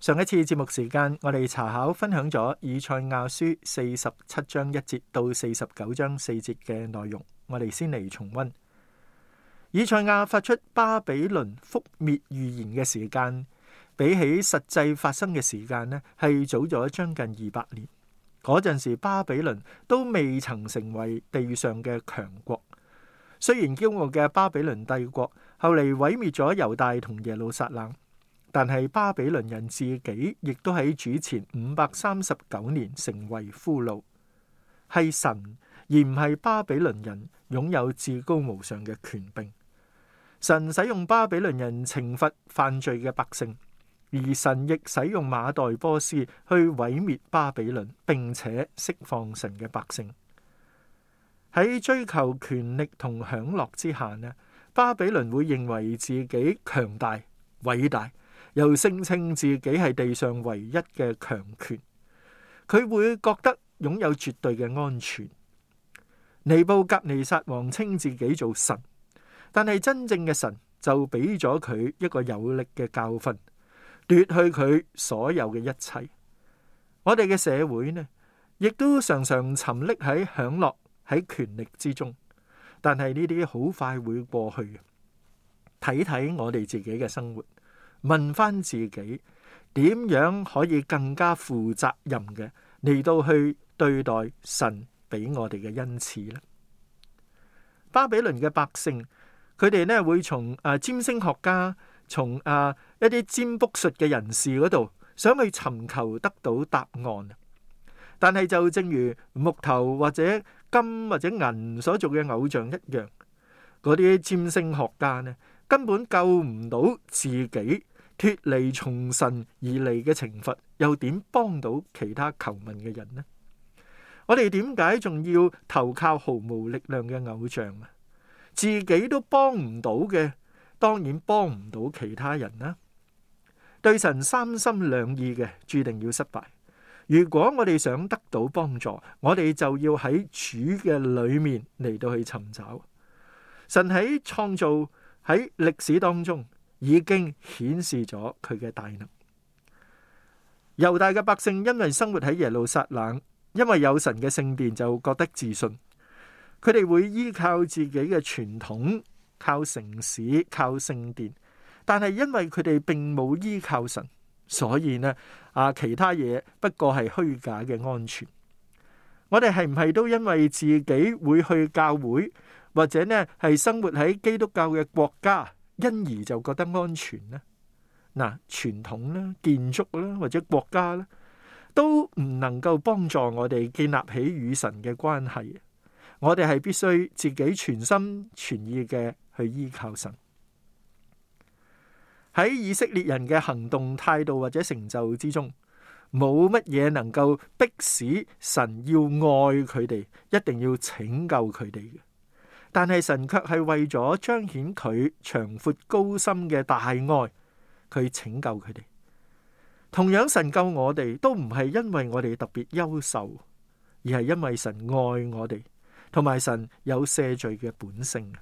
上一次節目時間，我哋查考分享咗以賽亞書四十七章一節到四十九章四節嘅內容，我哋先嚟重温以賽亞發出巴比倫覆滅預言嘅時間，比起實際發生嘅時間呢，係早咗將近二百年。嗰陣時，巴比倫都未曾成為地上嘅強國。雖然驕傲嘅巴比倫帝國後嚟毀滅咗猶大同耶路撒冷。但係巴比倫人自己亦都喺主前五百三十九年成為俘虜，係神，而唔係巴比倫人擁有至高無上嘅權柄。神使用巴比倫人懲罰犯罪嘅百姓，而神亦使用馬代波斯去毀滅巴比倫，並且釋放神嘅百姓。喺追求權力同享樂之下呢，巴比倫會認為自己強大、偉大。又聲稱自己係地上唯一嘅強權，佢會覺得擁有絕對嘅安全。尼布甲尼撒王稱自己做神，但係真正嘅神就俾咗佢一個有力嘅教訓，奪去佢所有嘅一切。我哋嘅社會呢，亦都常常沉溺喺享樂、喺權力之中，但係呢啲好快會過去。睇睇我哋自己嘅生活。問翻自己，點樣可以更加負責任嘅嚟到去對待神俾我哋嘅恩賜呢？巴比倫嘅百姓，佢哋呢會從啊、呃、占星學家，從啊、呃、一啲占卜術嘅人士嗰度，想去尋求得到答案。但係就正如木頭或者金或者銀所做嘅偶像一樣，嗰啲占星學家呢，根本救唔到自己。脱離從神而嚟嘅懲罰，又點幫到其他求問嘅人呢？我哋點解仲要投靠毫無力量嘅偶像啊？自己都幫唔到嘅，當然幫唔到其他人啦。對神三心兩意嘅，注定要失敗。如果我哋想得到幫助，我哋就要喺主嘅裏面嚟到去尋找。神喺創造，喺歷史當中。已經顯示咗佢嘅大能。猶大嘅百姓因為生活喺耶路撒冷，因為有神嘅聖殿，就覺得自信。佢哋會依靠自己嘅傳統、靠城市、靠聖殿，但係因為佢哋並冇依靠神，所以呢啊其他嘢不過係虛假嘅安全。我哋係唔係都因為自己會去教會，或者呢係生活喺基督教嘅國家？因而就覺得安全呢，嗱，傳統啦、建築啦或者國家啦，都唔能夠幫助我哋建立起與神嘅關係。我哋係必須自己全心全意嘅去依靠神。喺以色列人嘅行動態度或者成就之中，冇乜嘢能夠迫使神要愛佢哋，一定要拯救佢哋嘅。但係神卻係為咗彰顯佢長闊高深嘅大愛，去拯救佢哋。同樣神救我哋，都唔係因為我哋特別優秀，而係因為神愛我哋，同埋神有赦罪嘅本性。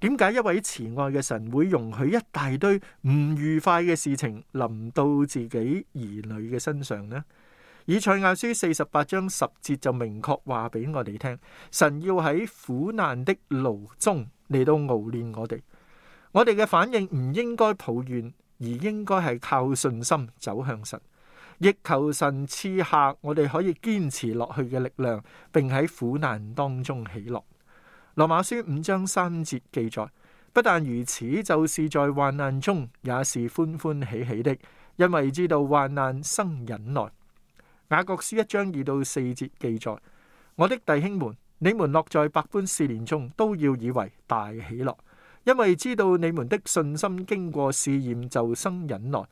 點解一位慈愛嘅神會容許一大堆唔愉快嘅事情臨到自己兒女嘅身上呢？以賽亞書四十八章十節就明確話俾我哋聽，神要喺苦難的牢中嚟到熬練我哋。我哋嘅反應唔應該抱怨，而應該係靠信心走向神，亦求神賜下我哋可以堅持落去嘅力量，並喺苦難當中起落。羅馬書五章三節記載，不但如此，就是在患難中也是歡歡喜喜的，因為知道患難生忍耐。雅各書一章二到四節記載：我的弟兄們，你們落在百般試煉中，都要以為大喜樂，因為知道你們的信心經過試驗，就生忍耐。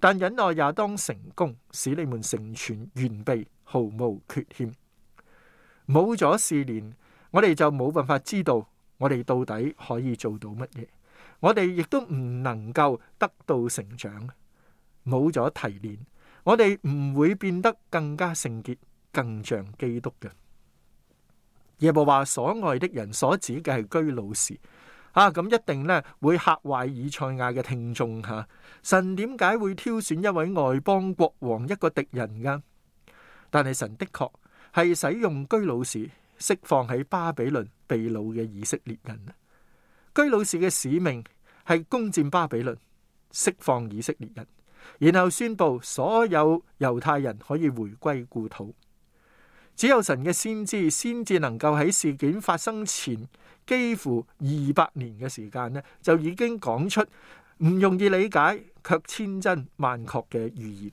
但忍耐也當成功，使你們成全完備，毫無缺欠。冇咗試煉，我哋就冇辦法知道我哋到底可以做到乜嘢，我哋亦都唔能夠得到成長。冇咗提煉。我哋唔會變得更加聖潔，更像基督嘅。耶和華所愛的人所指嘅係居魯士啊，咁一定咧會嚇壞以賽亞嘅聽眾吓。神點解會挑選一位外邦國王一個敵人嘅？但係神的確係使用居魯士釋放喺巴比倫被擄嘅以色列人。居魯士嘅使命係攻佔巴比倫，釋放以色列人。然後宣布所有猶太人可以回歸故土，只有神嘅先知先至能夠喺事件發生前幾乎二百年嘅時間呢，就已經講出唔容易理解卻千真萬確嘅預言。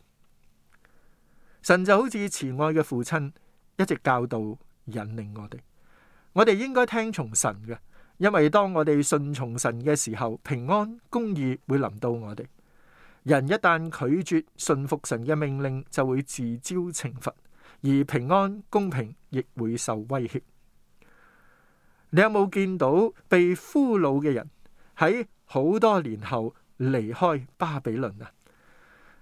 神就好似慈愛嘅父親，一直教導引領我哋。我哋應該聽從神嘅，因為當我哋順從神嘅時候，平安公義會臨到我哋。人一旦拒絕信服神嘅命令，就會自招懲罰，而平安公平亦會受威脅。你有冇見到被俘虜嘅人喺好多年後離開巴比倫啊？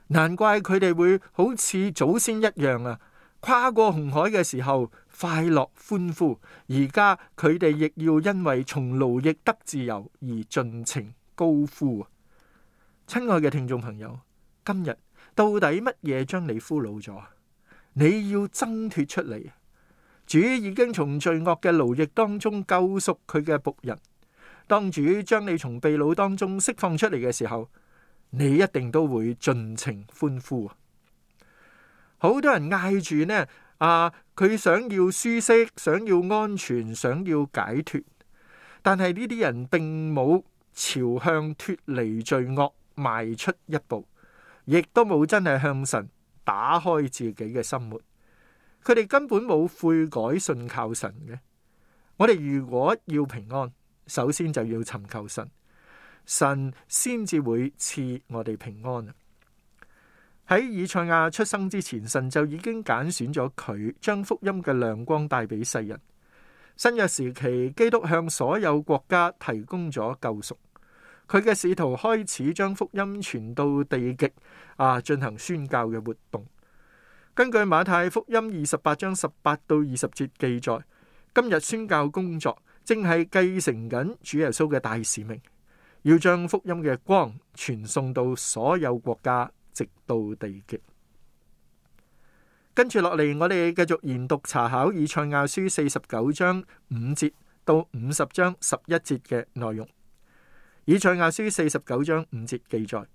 難怪佢哋會好似祖先一樣啊！跨過紅海嘅時候快樂歡呼，而家佢哋亦要因為從勞役得自由而盡情高呼。親愛嘅聽眾朋友，今日到底乜嘢將你俘虜咗？你要掙脫出嚟。主已經從罪惡嘅奴役當中救贖佢嘅僕人。當主將你從秘魯當中釋放出嚟嘅時候，你一定都會盡情歡呼。好多人嗌住呢，啊，佢想要舒適，想要安全，想要解脫，但係呢啲人並冇朝向脫離罪惡。邁出一步，亦都冇真係向神打開自己嘅生活，佢哋根本冇悔改信靠神嘅。我哋如果要平安，首先就要尋求神，神先至會賜我哋平安。喺以賽亞出生之前，神就已經揀選咗佢，將福音嘅亮光帶俾世人。新約時期，基督向所有國家提供咗救贖。佢嘅使徒開始將福音傳到地極，啊，進行宣教嘅活動。根據馬太福音二十八章十八到二十節記載，今日宣教工作正係繼承緊主耶穌嘅大使命，要將福音嘅光傳送到所有國家，直到地極。跟住落嚟，我哋繼續研讀查考以唱亞書四十九章五節到五十章十一節嘅內容。以賽亞書四十九章五節記載，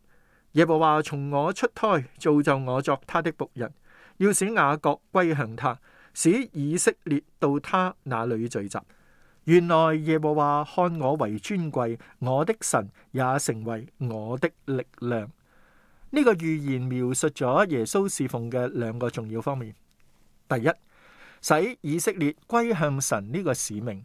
耶和華從我出胎造就我作他的僕人，要使雅各歸向他，使以色列到他那裏聚集。原來耶和華看我為尊貴，我的神也成為我的力量。呢個預言描述咗耶穌侍奉嘅兩個重要方面：第一，使以色列歸向神呢個使命。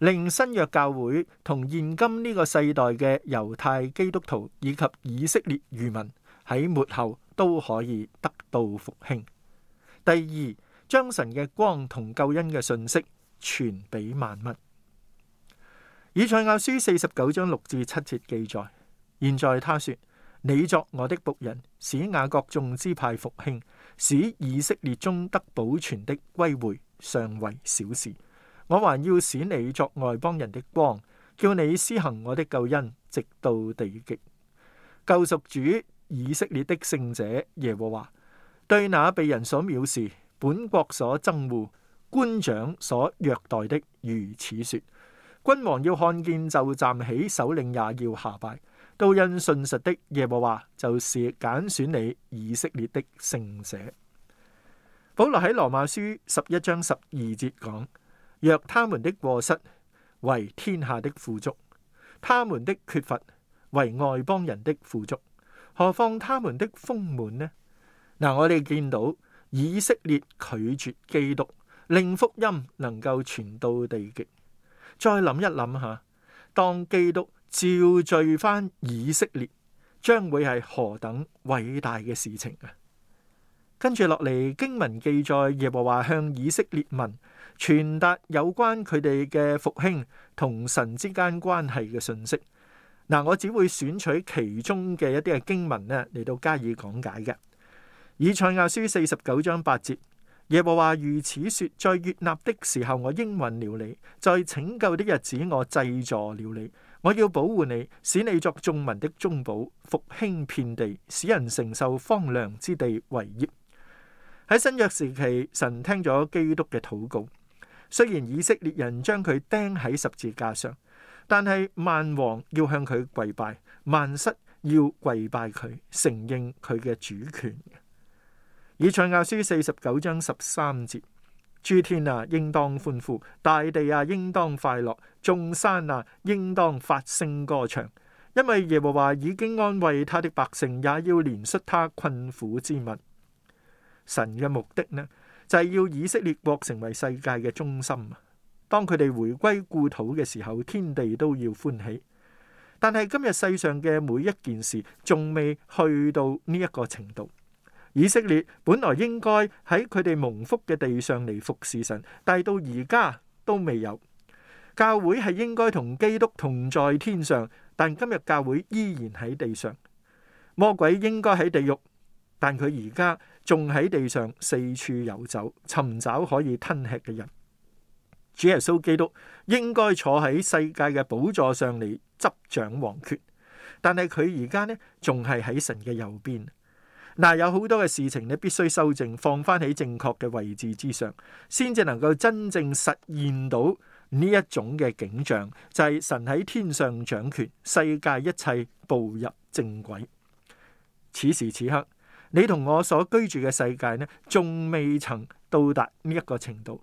令新約教會同現今呢個世代嘅猶太基督徒以及以色列餘民喺末後都可以得到復興。第二，將神嘅光同救恩嘅信息傳俾萬物。以賽亞書四十九章六至七節記載：現在他說，你作我的僕人，使雅各眾支派復興，使以色列中得保存的歸回，尚為小事。我還要使你作外邦人的光，叫你施行我的救恩，直到地極。救贖主以色列的聖者耶和華對那被人所藐視、本國所憎惡、官長所虐待的如此說：君王要看見就站起，首領也要下拜。都因信實的耶和華就是揀選你以色列的聖者。保羅喺羅馬書十一章十二節講。若他們的過失為天下的富足，他們的缺乏為外邦人的富足，何況他們的豐滿呢？嗱，我哋見到以色列拒絕基督，令福音能夠傳到地極。再諗一諗下，當基督召聚翻以色列，將會係何等偉大嘅事情啊！跟住落嚟，經文記載，耶和華向以色列問。傳達有關佢哋嘅復興同神之間關係嘅信息。嗱，我只會選取其中嘅一啲嘅經文呢嚟，到加以講解嘅。以賽亞書四十九章八節，耶和華如此說：在悅納的時候，我應允了你；在拯救的日子，我濟助了你。我要保護你，使你作眾民的中保，復興遍地，使人承受荒涼之地為業。喺新約時期，神聽咗基督嘅禱告。雖然以色列人將佢釘喺十字架上，但係萬王要向佢跪拜，萬膝要跪拜佢，承認佢嘅主權。以賽亞書四十九章十三節：諸天啊，應當歡呼；大地啊，應當快樂；眾山啊，應當發聲歌唱，因為耶和華已經安慰他的百姓，也要憐恤他困苦之物。神嘅目的呢？就係要以色列國成為世界嘅中心，當佢哋回歸故土嘅時候，天地都要歡喜。但係今日世上嘅每一件事，仲未去到呢一個程度。以色列本來應該喺佢哋蒙福嘅地上嚟服侍神，但到而家都未有。教會係應該同基督同在天上，但今日教會依然喺地上。魔鬼應該喺地獄，但佢而家。仲喺地上四處游走，尋找可以吞吃嘅人。主耶穌基督應該坐喺世界嘅寶座上嚟執掌王權，但係佢而家呢，仲係喺神嘅右邊。嗱，有好多嘅事情呢，必須修正，放翻喺正確嘅位置之上，先至能夠真正實現到呢一種嘅景象，就係神喺天上掌權，世界一切步入正軌。此時此刻。你同我所居住嘅世界呢，仲未曾到達呢一個程度，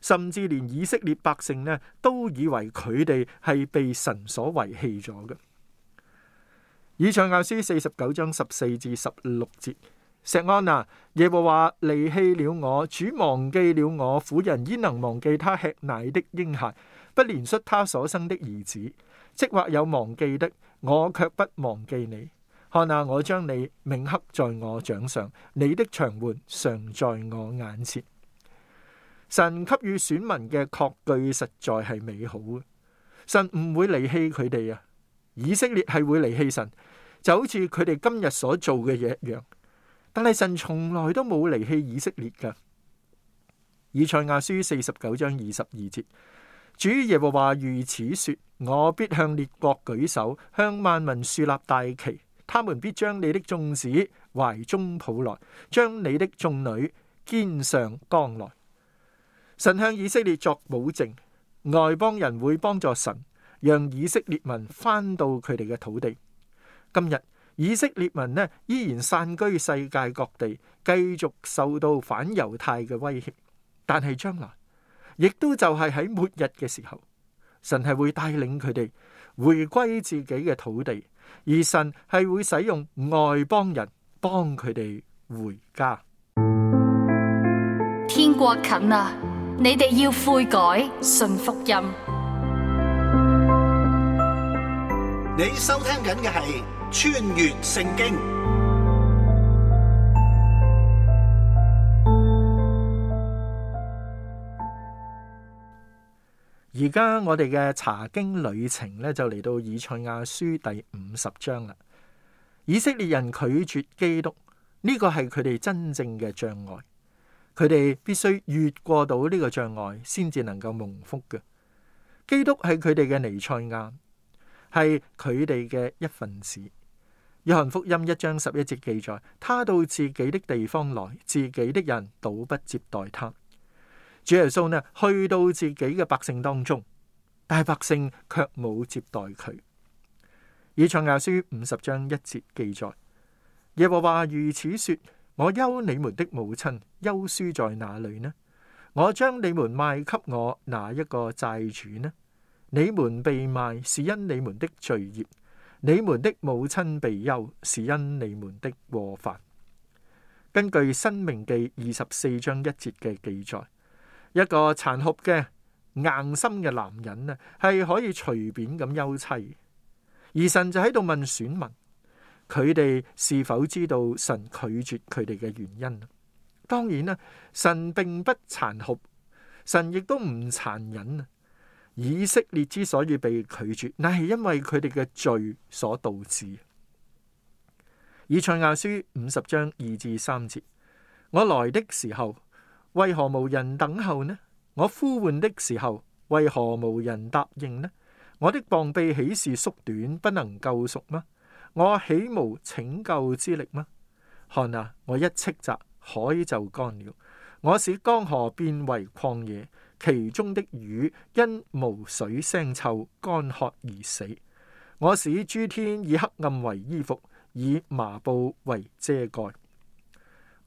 甚至連以色列百姓呢，都以為佢哋係被神所遺棄咗嘅。以賽亞書四十九章十四至十六節，錫安娜、啊：「耶和華離棄了我，主忘記了我，婦人焉能忘記她吃奶的嬰孩，不憐恤她所生的兒子？即或有忘記的，我卻不忘記你。看啊！我將你銘刻在我掌上，你的牆垣常在我眼前。神給予選民嘅確據實在係美好，神唔會離棄佢哋啊！以色列係會離棄神，就好似佢哋今日所做嘅嘢一樣。但係神從來都冇離棄以色列噶。以賽亞書四十九章二十二節：主耶和華如此說，我必向列國舉手，向萬民豎立大旗。他們必將你的眾子懷中抱來，將你的眾女肩上扛來。神向以色列作保證，外邦人會幫助神，讓以色列民返到佢哋嘅土地。今日以色列民呢，依然散居世界各地，繼續受到反猶太嘅威脅。但係將來，亦都就係喺末日嘅時候，神係會帶領佢哋回歸自己嘅土地。而神係會使用外邦人幫佢哋回家。天國近啊，你哋要悔改，信福音。你收聽緊嘅係《穿越聖經》。而家我哋嘅查經旅程呢，就嚟到以賽亞書第五十章啦。以色列人拒絕基督，呢個係佢哋真正嘅障礙。佢哋必須越過到呢個障礙，先至能夠蒙福嘅。基督係佢哋嘅彌賽亞，係佢哋嘅一份子。約翰福音一章十一節記載：他到自己的地方來，自己的人倒不接待他。主耶穌呢去到自己嘅百姓當中，但係百姓卻冇接待佢。以賽亞書五十章一節記載：耶和華如此說：我休你們的母親，休書在哪裏呢？我將你們賣給我哪一個債主呢？你們被賣是因你們的罪孽；你們的母親被休是因你們的過犯。根據申命記二十四章一節嘅記載。一個殘酷嘅硬心嘅男人呢，係可以隨便咁休妻，而神就喺度問選民，佢哋是否知道神拒絕佢哋嘅原因？當然啦，神並不殘酷，神亦都唔殘忍。以色列之所以被拒絕，乃係因為佢哋嘅罪所導致。以賽亞書五十章二至三節，我來的時候。為何無人等候呢？我呼喚的時候，為何無人答應呢？我的膀臂豈是縮短不能救贖嗎？我豈無拯救之力嗎？看啊，我一斥責，海就乾了；我使江河變為曠野，其中的魚因無水腥臭乾渴而死；我使諸天以黑暗為衣服，以麻布為遮蓋。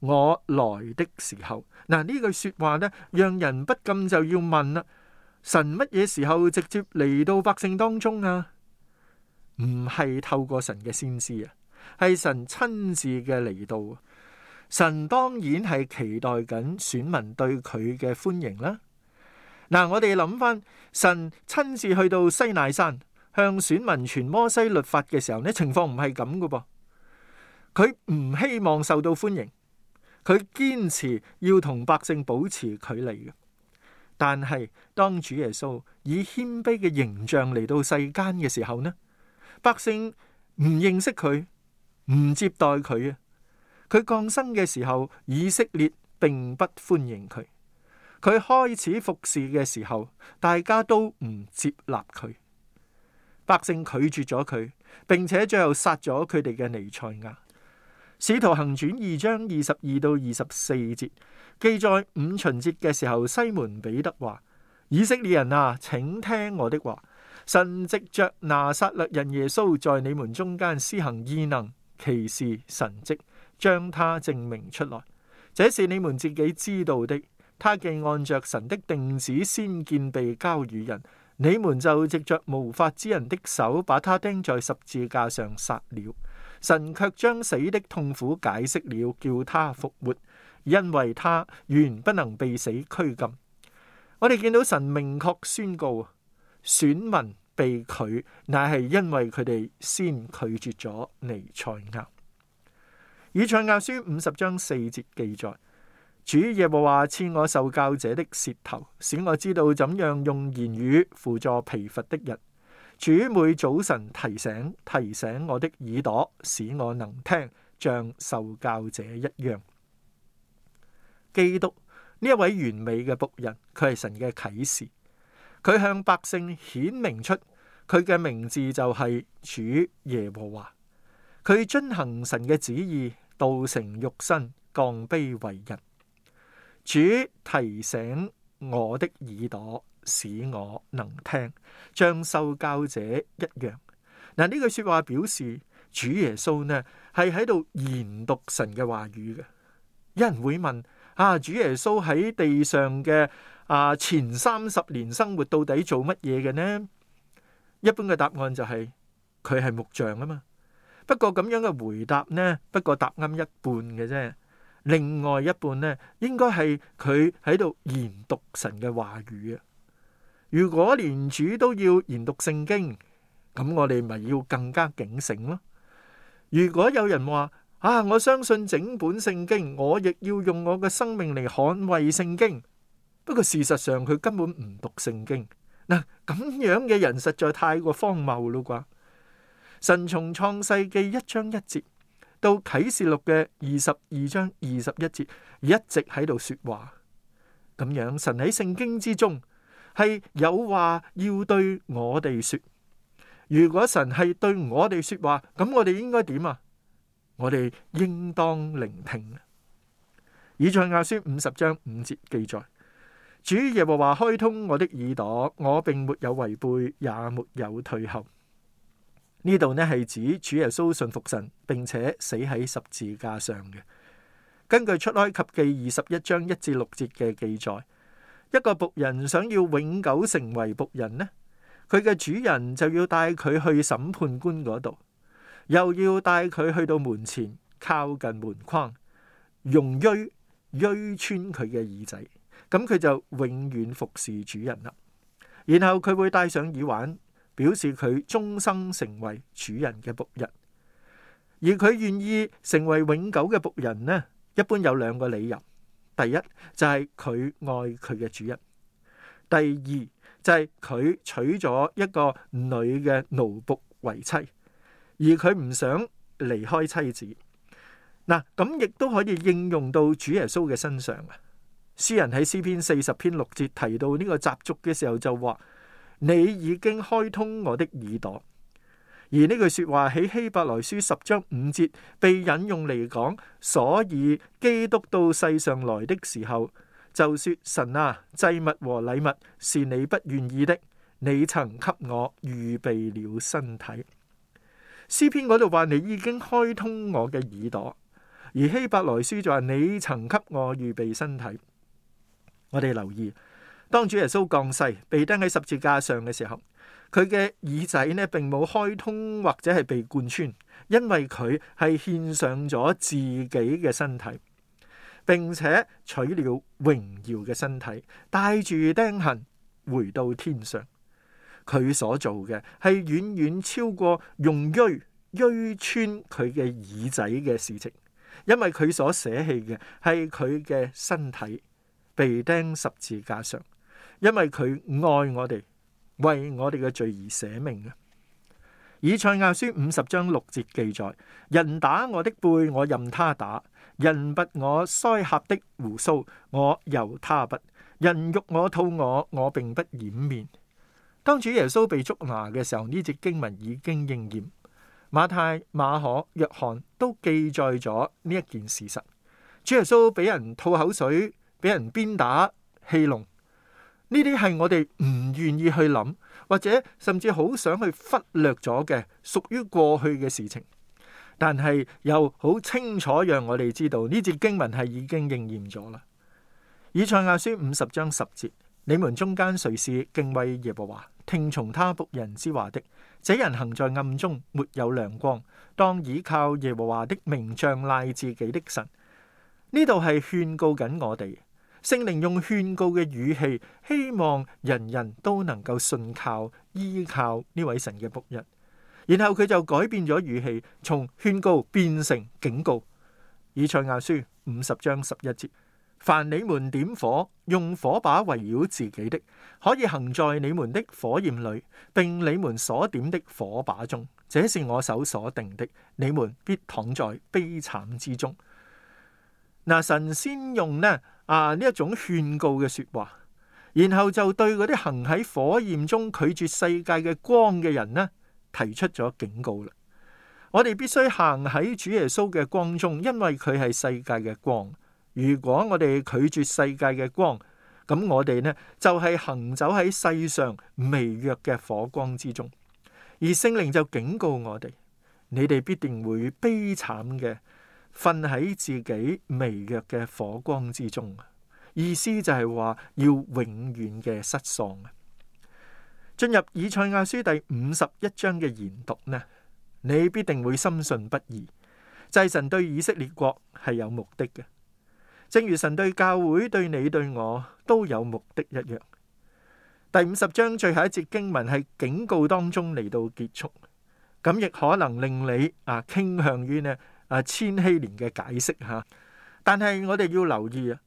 我來的時候嗱，呢句說話呢，讓人不禁就要問啦：神乜嘢時候直接嚟到百姓當中啊？唔係透過神嘅先知啊，係神親自嘅嚟到。神當然係期待緊選民對佢嘅歡迎啦。嗱，我哋諗翻神親自去到西奈山向選民傳摩西律法嘅時候呢，情況唔係咁嘅噃，佢唔希望受到歡迎。佢堅持要同百姓保持距離嘅，但係當主耶穌以謙卑嘅形象嚟到世間嘅時候呢，百姓唔認識佢，唔接待佢啊！佢降生嘅時候，以色列並不歡迎佢；佢開始服侍嘅時候，大家都唔接納佢，百姓拒絕咗佢，並且最後殺咗佢哋嘅彌賽亞。使徒行傳二章二十二到二十四節記載五旬節嘅時候，西門彼得話：以色列人啊，請聽我的話，神藉着拿撒勒人耶穌在你們中間施行異能、奇事、神蹟，將他證明出來。這是你們自己知道的，他既按着神的定旨先見被交與人，你們就藉着着無法之人的手把他釘在十字架上殺了。神卻將死的痛苦解釋了，叫他復活，因為他原不能被死拘禁。我哋見到神明確宣告，選民被拒，乃係因為佢哋先拒絕咗彌賽亞。以賽亞書五十章四節記載：主耶和華賜我受教者的舌頭，使我知道怎樣用言語扶助疲乏的人。主每早晨提醒，提醒我的耳朵，使我能聽，像受教者一樣。基督呢一位完美嘅僕人，佢係神嘅啟示，佢向百姓顯明出佢嘅名字就係主耶和華。佢遵行神嘅旨意，道成肉身，降卑為人。主提醒我的耳朵。使我能聽，像受教者一樣。嗱，呢句說話表示主耶穌呢係喺度研讀神嘅話語嘅。有人會問：啊，主耶穌喺地上嘅啊前三十年生活到底做乜嘢嘅呢？一般嘅答案就係佢係木匠啊嘛。不過咁樣嘅回答呢，不過答啱一半嘅啫。另外一半呢，應該係佢喺度研讀神嘅話語啊。如果連主都要研讀聖經，咁我哋咪要更加警醒咯。如果有人話啊，我相信整本聖經，我亦要用我嘅生命嚟捍衛聖經。不過事實上佢根本唔讀聖經，嗱、啊、咁樣嘅人實在太過荒謬啦啩。神從創世記一章一節到啟示錄嘅二十二章二十一節，一直喺度說話。咁樣神喺聖經之中。係有話要對我哋說，如果神係對我哋說話，咁我哋應該點啊？我哋應當聆聽。以賽亞書五十章五節記載：主耶和華開通我的耳朵，我並沒有違背，也沒有退後。呢度呢係指主耶穌信服神，並且死喺十字架上嘅。根據出埃及記二十一章一至六節嘅記載。一個僕人想要永久成為僕人呢，佢嘅主人就要帶佢去審判官嗰度，又要帶佢去到門前靠近門框，用錐錐穿佢嘅耳仔，咁佢就永遠服侍主人啦。然後佢會戴上耳環，表示佢終生成為主人嘅僕人。而佢願意成為永久嘅僕人呢，一般有兩個理由。第一就係、是、佢愛佢嘅主人，第二就係、是、佢娶咗一個女嘅奴僕為妻，而佢唔想離開妻子。嗱，咁亦都可以應用到主耶穌嘅身上啊！詩人喺詩篇四十篇六節提到呢個習俗嘅時候就話：你已經開通我的耳朵。而呢句說話喺希伯來書十章五節被引用嚟講，所以基督到世上來的時候，就說：神啊，祭物和禮物是你不願意的，你曾給我預備了身體。詩篇嗰度話你已經開通我嘅耳朵，而希伯來書就話你曾給我預備身體。我哋留意，當主耶穌降世被釘喺十字架上嘅時候，佢嘅耳仔呢，並冇開通或者係被貫穿，因為佢係獻上咗自己嘅身體，並且取了榮耀嘅身體，帶住釘痕回到天上。佢所做嘅係遠遠超過用錐穿佢嘅耳仔嘅事情，因為佢所捨棄嘅係佢嘅身體被釘十字架上，因為佢愛我哋。為我哋嘅罪而捨命啊！以賽亞書五十章六節記載：人打我的背，我任他打；人拔我腮頰的鬍鬚，我由他拔；人辱我吐我，我並不掩面。當主耶穌被捉拿嘅時候，呢節經文已經應驗。馬太、馬可、約翰都記載咗呢一件事實：主耶穌俾人吐口水，俾人鞭打、戲弄。呢啲係我哋唔願意去諗，或者甚至好想去忽略咗嘅，屬於過去嘅事情。但係又好清楚讓我哋知道呢節經文係已經應驗咗啦。以賽亞書五十章十節：你們中間誰是敬畏耶和華、聽從他僕人之話的？這人行在暗中，沒有亮光，當倚靠耶和華的名，仗賴自己的神。呢度係勸告緊我哋。聖靈用勸告嘅語氣，希望人人都能夠信靠依靠呢位神嘅僕人。然後佢就改變咗語氣，從勸告變成警告。以賽亞書五十章十一節：凡你們點火，用火把圍繞自己的，可以行在你們的火焰裏，並你們所點的火把中，這是我手所定的，你們必躺在悲慘之中。嗱，神先用呢。啊！呢一種勸告嘅說話，然後就對嗰啲行喺火焰中拒絕世界嘅光嘅人呢，提出咗警告啦。我哋必須行喺主耶穌嘅光中，因為佢係世界嘅光。如果我哋拒絕世界嘅光，咁我哋呢就係行走喺世上微弱嘅火光之中。而聖靈就警告我哋：你哋必定會悲慘嘅。瞓喺自己微弱嘅火光之中，意思就係話要永遠嘅失喪啊！進入以賽亞書第五十一章嘅研讀呢，你必定會深信不疑。祭神對以色列國係有目的嘅，正如神對教會、對你、對我都有目的一樣。第五十章最後一節經文係警告當中嚟到結束，咁亦可能令你啊傾向於呢啊，千禧年嘅解釋嚇，但係我哋要留意啊，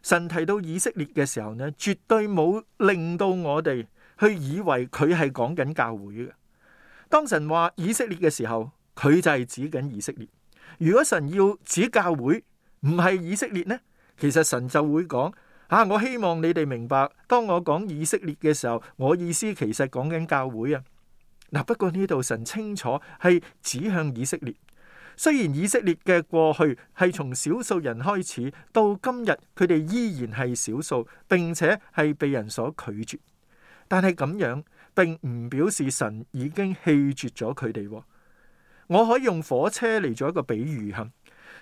神提到以色列嘅時候呢，絕對冇令到我哋去以為佢係講緊教會嘅。當神話以色列嘅時候，佢就係指緊以色列。如果神要指教會，唔係以色列呢，其實神就會講啊，我希望你哋明白，當我講以色列嘅時候，我意思其實講緊教會啊。嗱，不過呢度神清楚係指向以色列。雖然以色列嘅過去係從少數人開始，到今日佢哋依然係少數，並且係被人所拒絕，但係咁樣並唔表示神已經棄絕咗佢哋。我可以用火車嚟做一個比喻吓，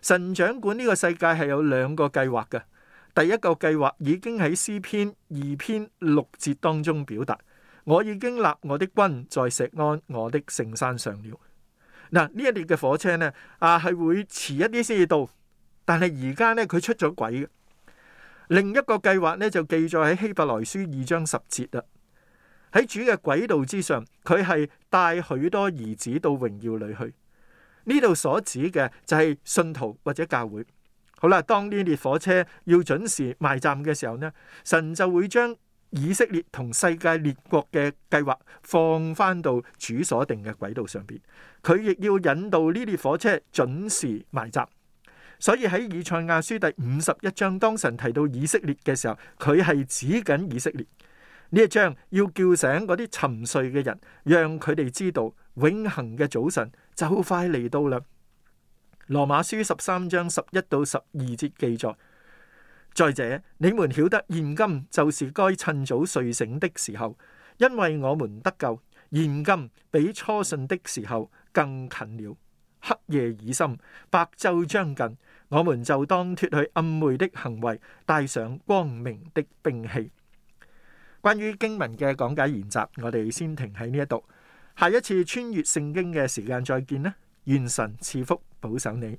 神掌管呢個世界係有兩個計劃嘅。第一個計劃已經喺詩篇二篇六節當中表達，我已經立我的君在錫安我的聖山上了。嗱，呢一列嘅火車呢，啊係會遲一啲先至到，但係而家呢，佢出咗軌嘅。另一個計劃呢就記載喺希伯來書二章十節啦。喺主嘅軌道之上，佢係帶許多兒子到榮耀裏去。呢度所指嘅就係信徒或者教會。好啦，當呢列火車要準時埋站嘅時候呢，神就會將以色列同世界列國嘅計劃放翻到主所定嘅軌道上邊，佢亦要引導呢列火車準時埋閘。所以喺以賽亞書第五十一章，當神提到以色列嘅時候，佢係指緊以色列。呢一章要叫醒嗰啲沉睡嘅人，讓佢哋知道永恆嘅早晨就快嚟到啦。羅馬書十三章十一到十二節記載。再者，你們曉得現今就是該趁早睡醒的時候，因為我們得救，現今比初信的時候更近了。黑夜已深，白晝將近，我們就當脱去暗昧的行為，帶上光明的兵器。關於經文嘅講解研習，我哋先停喺呢一度，下一次穿越聖經嘅時間再見啦！願神賜福保守你。